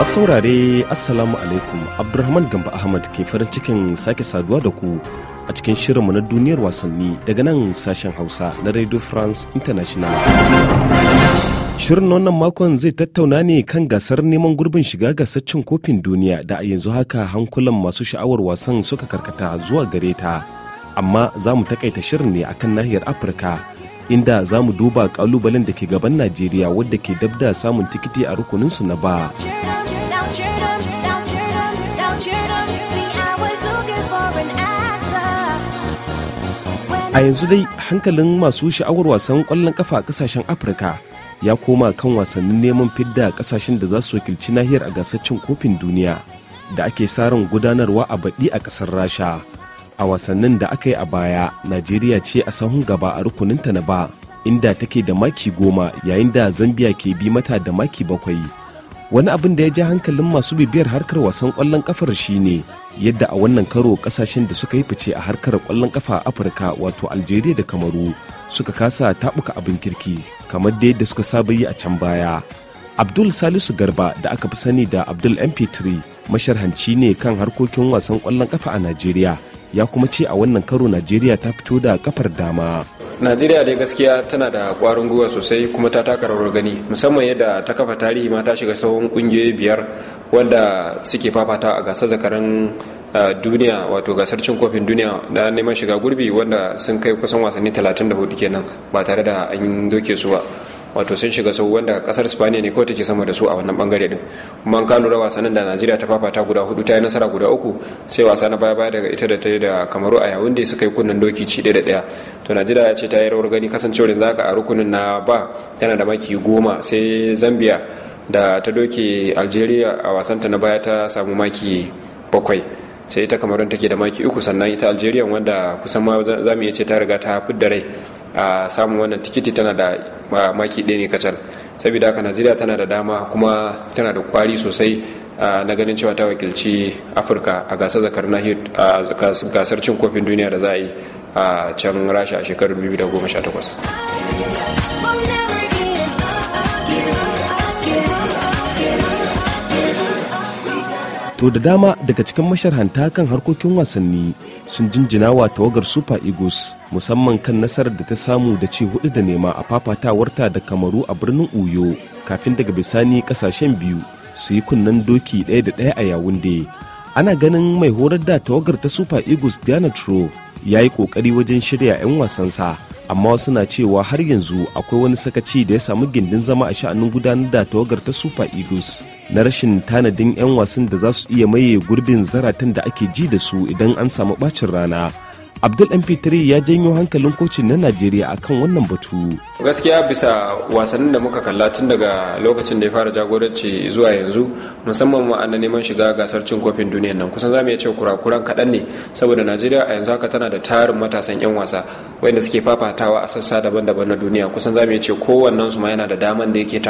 masu saurare assalamu alaikum abdulrahman gamba ahmad ke farin cikin sake saduwa da ku a cikin shirinmu na duniyar wasanni daga nan sashen hausa na radio france international shirin wannan makon zai tattauna ne kan gasar neman gurbin shiga gasar kofin duniya da a yanzu haka hankulan masu sha'awar wasan suka karkata zuwa gare ta amma za mu takaita shirin ne akan nahiyar afirka inda za mu duba kalubalen da ke gaban najeriya wadda ke dab da samun tikiti a rukuninsu na ba a yanzu dai hankalin masu sha'awar wasan kwallon kafa a kasashen afirka ya koma kan wasannin neman fidda kasashen da za su wakilci nahiyar a gasar cin kofin duniya da ake sa ran gudanarwa a baɗi a ƙasar rasha a wasannin da aka yi a baya najeriya ce a sahun gaba a rukuninta na ba inda take da maki goma yayin da zambia ke bi mata da maki bakwai wani abin da ya ja hankalin masu bibiyar harkar wasan kwallon kafar shine yadda a wannan karo kasashen da suka yi fice a harkar kwallon kafa a afirka wato algeria da kamaru suka kasa tabuka abin kirki kamar da yadda suka saba yi a can baya abdul salisu garba da aka fi sani da abdul mp3 masharhanci ne kan harkokin wasan kwallon kafa a najeriya ya kuma ce a wannan karo najeriya ta fito da kafar dama najeriya dai gaskiya tana da kwarin gwiwa sosai kuma ta taka rawar gani musamman yadda ta kafa tarihi ma ta shiga tsawon kungiyoyi biyar wanda suke fafata a gasar zakaran eh, duniya wato gasar cin kofin duniya da neman shiga gurbi wanda sun kai kusan wasanni 34 kenan ba tare da an doke su ba wato sun shiga sau wanda kasar spaniya ne kawai take sama da su a wannan bangare din kuma an kano wasannin da najeriya ta fafata guda hudu ta yi nasara guda uku sai wasa na baya baya daga ita da ta yi da kamaru a yawun da suka yi kunnen doki ci da daya to najeriya ya ce ta yi rawar gani kasancewar yanzu haka a rukunin na ba tana da maki goma sai zambia da ta doke algeria a wasanta na baya ta samu maki bakwai sai ita kamarun take da maki uku sannan ita algeria wanda kusan ma za mu iya ce ta riga ta fidda rai a samun wannan tikiti tana da maki ɗaya ne kacal saboda haka najeriya tana da dama kuma tana da kwari sosai na ganin cewa ta wakilci afirka a gasar zakar a gasar cin kofin duniya da za a yi a can rasha a shekarar 2018 to da dama daga cikin masharhanta kan harkokin wasanni sun jinjina wa tawagar super eagles musamman kan nasarar da ta samu da ce hudu da nema a fafatawarta da kamaru a birnin uyo kafin daga bisani kasashen biyu su yi kunnen doki ɗaya da ɗaya a yawunde ana ganin mai horar da tawagar ta super eagles diana tro ya yi ƙoƙari wajen shirya 'yan wasansa amma suna cewa har yanzu akwai wani sakaci da ya samu gindin zama a sha'anin gudanar da tawagar ta super eagles na rashin tanadin 'yan wasan da za su iya maye gurbin zaratan da ake ji da su idan an samu bacin rana abdul mp3 ya janyo hankalin kocin na najeriya akan wannan batu gaskiya bisa wasannin da muka kalla tun daga lokacin da ya fara jagoranci zuwa yanzu musamman ma na neman shiga gasar cin kofin duniyan nan kusan zamu iya cewa kurakuran kaɗan ne saboda najeriya a yanzu haka tana da tarin matasan yan wasa wanda suke fafatawa a sassa daban-daban na duniya kusan zamu iya cewa kowannen su ma yana da daman da yake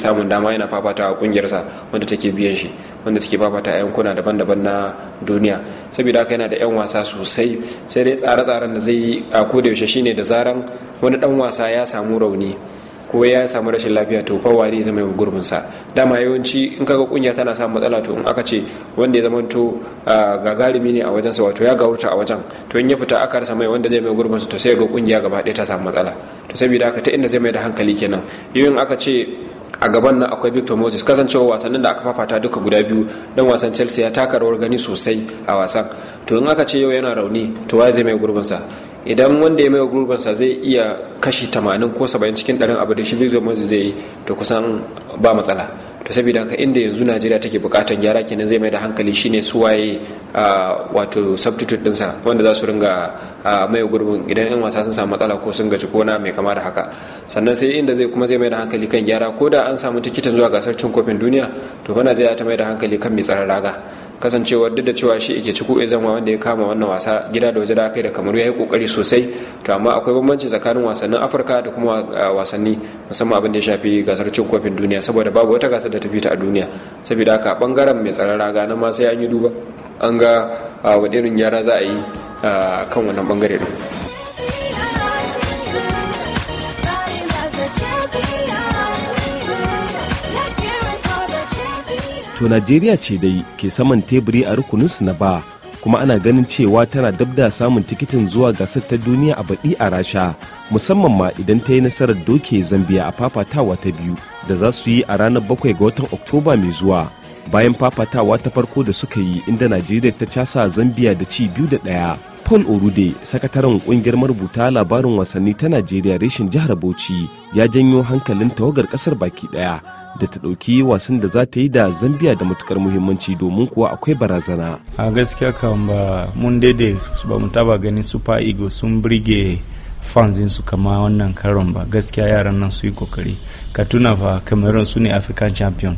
samun dama yana fafatawa kungiyarsa wanda take biyan shi wanda suke babata a yankuna daban-daban na duniya saboda haka yana da 'yan wasa sosai sai dai tsare-tsaren da zai a yaushe shine da zaran wani dan wasa ya samu rauni ko ya samu rashin lafiya to fa wani zama mai gurbin sa dama yawanci in kaga kunya tana samun matsala to in aka ce wanda ya zama to gagarumi ne a wajen sa wato ya gawurta a wajen to in ya fita aka rasa mai wanda zai mai gurbin sa to sai ga kunya gaba ɗaya ta samu matsala to saboda haka ta inda zai mai da hankali kenan yau in aka ce a gaban nan akwai victor moses kasancewa wasannin da aka fafata duka guda biyu dan wasan chelsea ya taka rawar gani sosai a wasan to in aka ce yau yana rauni to waye zai mai sa idan wanda ya mai sa zai iya kashi 80 ko 70 cikin ɗarin abu da shi victor moses zai yi to kusan ba matsala to saboda haka inda yanzu najeriya take bukatan gyara kenan zai mai da hankali shine su waye wato substitute dinsa wanda za su ringa mai gurbin idan yan wasa sun samu matsala ko sun gaji ko na mai kama da haka sannan sai inda zai kuma zai mai da hankali kan gyara ko da an samu tikitin zuwa gasar cin kofin duniya to fa najeriya ta mai da hankali kan mai tsara raga kasancewar duk da cewa shi yake ciko zama wanda ya kama wannan wasa gida da waje da yi da kamaru ya yi kokari sosai to amma akwai bambanci tsakanin wasannin afirka da kuma wasanni musamman abin da ya shafi gasar cin kofin duniya saboda babu wata gasar da ta fita a duniya saboda haka bangaren mai tsaron raga na ma sai an yi duba an ga wani irin gyara za a yi kan wannan bangare din to najeriya ce dai ke saman teburi a rukunin su na ba kuma ana ganin cewa tana dab da samun tikitin zuwa gasar ta duniya a baɗi a rasha musamman ma idan ta yi nasarar doke zambiya a fafatawa ta biyu da za su yi a ranar bakwai ga watan oktoba mai zuwa bayan fafatawa ta farko da suka yi inda najeriya ta casa zambiya da ci biyu da ɗaya paul orude sakataren kungiyar marubuta labarin wasanni ta najeriya reshen jihar bauchi ya janyo hankalin tawagar kasar baki daya da ta dauki wasan da za ta yi da zambia da matukar muhimmanci domin kuwa akwai barazana a gaskiya kan ba mun daidai ba mu taba ganin super eagles sun birge fansin su kama wannan karon ba gaskiya yaran nan su yi kokari ka tuna fa cameroon su ne african champion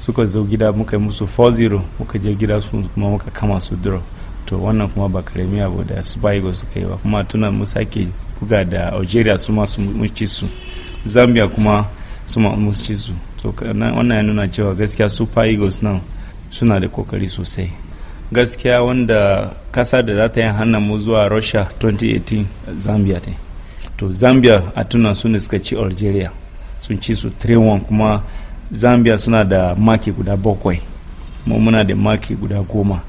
suka zo gida muka yi musu 4-0 muka je gida su kuma muka kama su draw to wannan kuma ba karami abu da su bayigo suka yi ba kuma tuna mu sake buga da algeria su ma su su zambia kuma su ma su to wannan ya nuna cewa gaskiya super eagles nan suna da kokari sosai gaskiya wanda kasa da za ta yi hannun mu zuwa russia 2018 zambia ne to zambia a tuna su ne suka ci algeria sun ci su 3-1 kuma zambia suna da maki guda bakwai muna da maki guda goma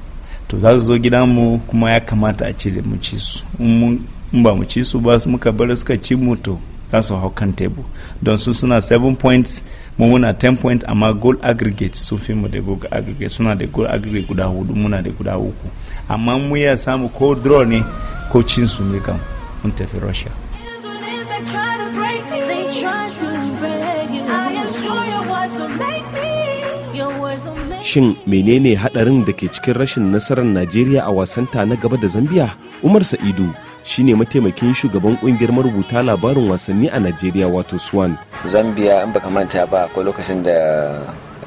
to za su zo mu kuma ya kamata a cire mu ci su in ba mu ci su ba muka bar suka ci mu to za su hau kan tebur don su suna 7 points mu muna 10 points amma goal aggregate sun fi mu da goal aggregate suna da goal aggregate guda hudu muna da guda uku amma mu ya samu ko draw ne ko cin su ne kan mun tafi russia shin menene hadarin da ke cikin rashin nasarar najeriya a wasanta na gaba da zambia umar sa'idu shine mataimakin shugaban kungiyar marubuta labarin wasanni a najeriya wato swan zambia in baka manta ba akwai lokacin da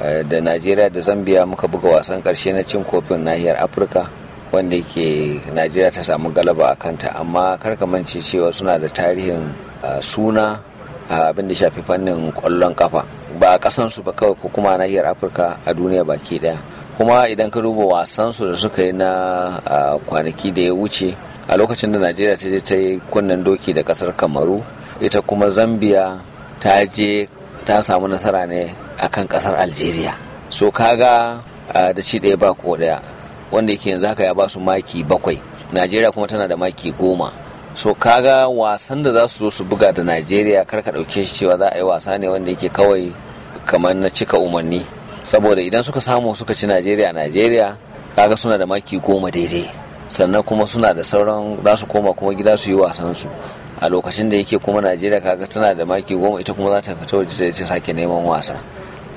eh, da najeriya da zambia muka buga wasan karshe na cin kofin nahiyar afirka wanda ke najeriya ta samu galaba a kanta amma karka mance cewa suna da tarihin eh, suna eh, abin da shafi fannin kwallon kafa ba a kasansu ba kawai ko kuma a nahiyar afirka a duniya baki daya kuma idan ka duba wasansu da suka yi na kwanaki da ya wuce a lokacin da najeriya ta je ta yi kunnen doki da kasar kamaru ita kuma zambia ta je ta samu nasara ne a kan kasar algeria so kaga da ci ɗaya ba ko ɗaya wanda yake yanzu haka ya ba su maki bakwai najeriya kuma tana da maki goma so ka ga wasan da za su zo su buga da najeriya kar ka ɗauke shi cewa za a yi wasa ne wanda yake kawai kamar na cika umarni saboda idan suka samu suka ci najeriya najeriya kaga suna da maki goma daidai sannan kuma suna da sauran za su koma kuma gida su yi wasan su a lokacin da yake kuma najeriya kaga tana da maki goma ita kuma za ta fita waje ta sake neman wasa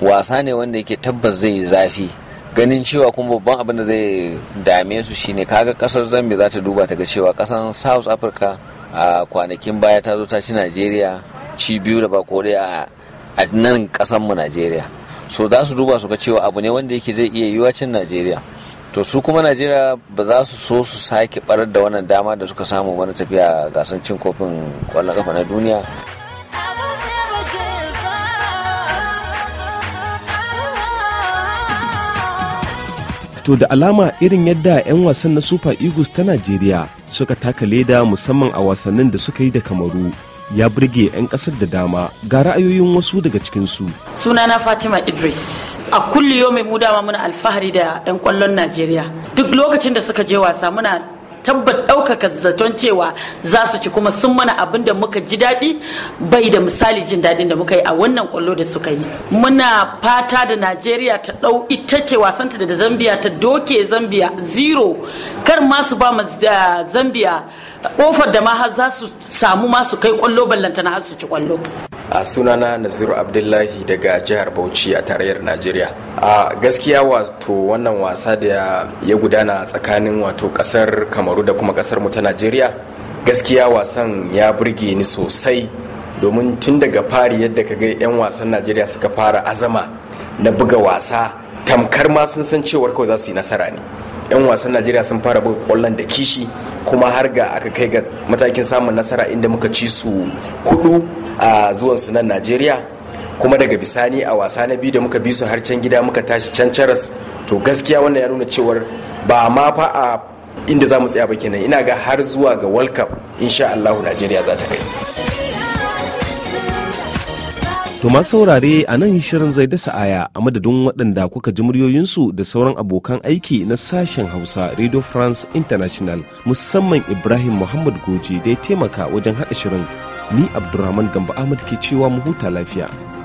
wasa ne wanda yake tabbas zai yi zafi ganin cewa kuma babban abin da zai dame su shine kaga kasar zambia za ta duba ta ga cewa kasar south africa a kwanakin baya ta zo ta ci najeriya ci biyu da bako a a nan kasan mu najeriya so za su duba su ga cewa abu ne wanda yake zai iya yiwa cin najeriya to su kuma najeriya ba za su so su sake barar da wannan dama da suka samu wani tafiya gasar cin kofin kwallon kafa na duniya to da alama irin yadda 'yan wasan na super eagles ta najeriya suka taka leda musamman a wasannin da suka yi da kamaru ya burge 'yan ƙasar da dama ga ra'ayoyin wasu daga cikinsu. Sunana Fatima Idris. A kulliyo mai mu dama muna alfahari da 'yan kwallon Najeriya. Duk lokacin da suka je wasa muna tabbat ɗaukaka zaton cewa za su ci kuma sun mana abin da muka ji daɗi bai da misali jin daɗin da muka yi a wannan kwallo da suka yi muna fata da najeriya ta ɗau ita ce wasanta da zambia ta doke zambia zero kar masu su ba eh, zambia ƙofar da ma har za su samu masu kai kwallo ballantana har su ci kwallo a sunana naziru abdullahi daga jihar bauchi a tarayyar najeriya a gaskiya wato wannan wasa da ya gudana tsakanin wato kasar kamaru da kuma kasar mu ta najeriya gaskiya wasan ya burge ni sosai domin tun daga fari yadda ka ga 'yan wasan najeriya suka fara azama na buga wasa tamkar ma sun san cewar kawai za su yi nasara ne 'yan wasan najeriya sun fara buga kwallon da kishi kuma har ga aka kai ga matakin samun nasara inda muka ci su hudu a zuwan su nan najeriya kuma daga bisani a wasa na biyu da muka bi su har can gida muka tashi can caras to gaskiya wannan ya nuna cewar ba ma fa a inda za mu tsaya ba kenan ina ga har zuwa ga world cup insha allahu najeriya za ta kai To masu saurare a nan shirin zai dasa aya a madadin waɗanda kuka ji muryoyinsu da sauran abokan aiki na sashen Hausa Radio France International musamman Ibrahim Muhammad Goji da ya taimaka wajen haɗa shirin. Ni Abdulrahman Gamba Ahmad ke cewa mu huta lafiya.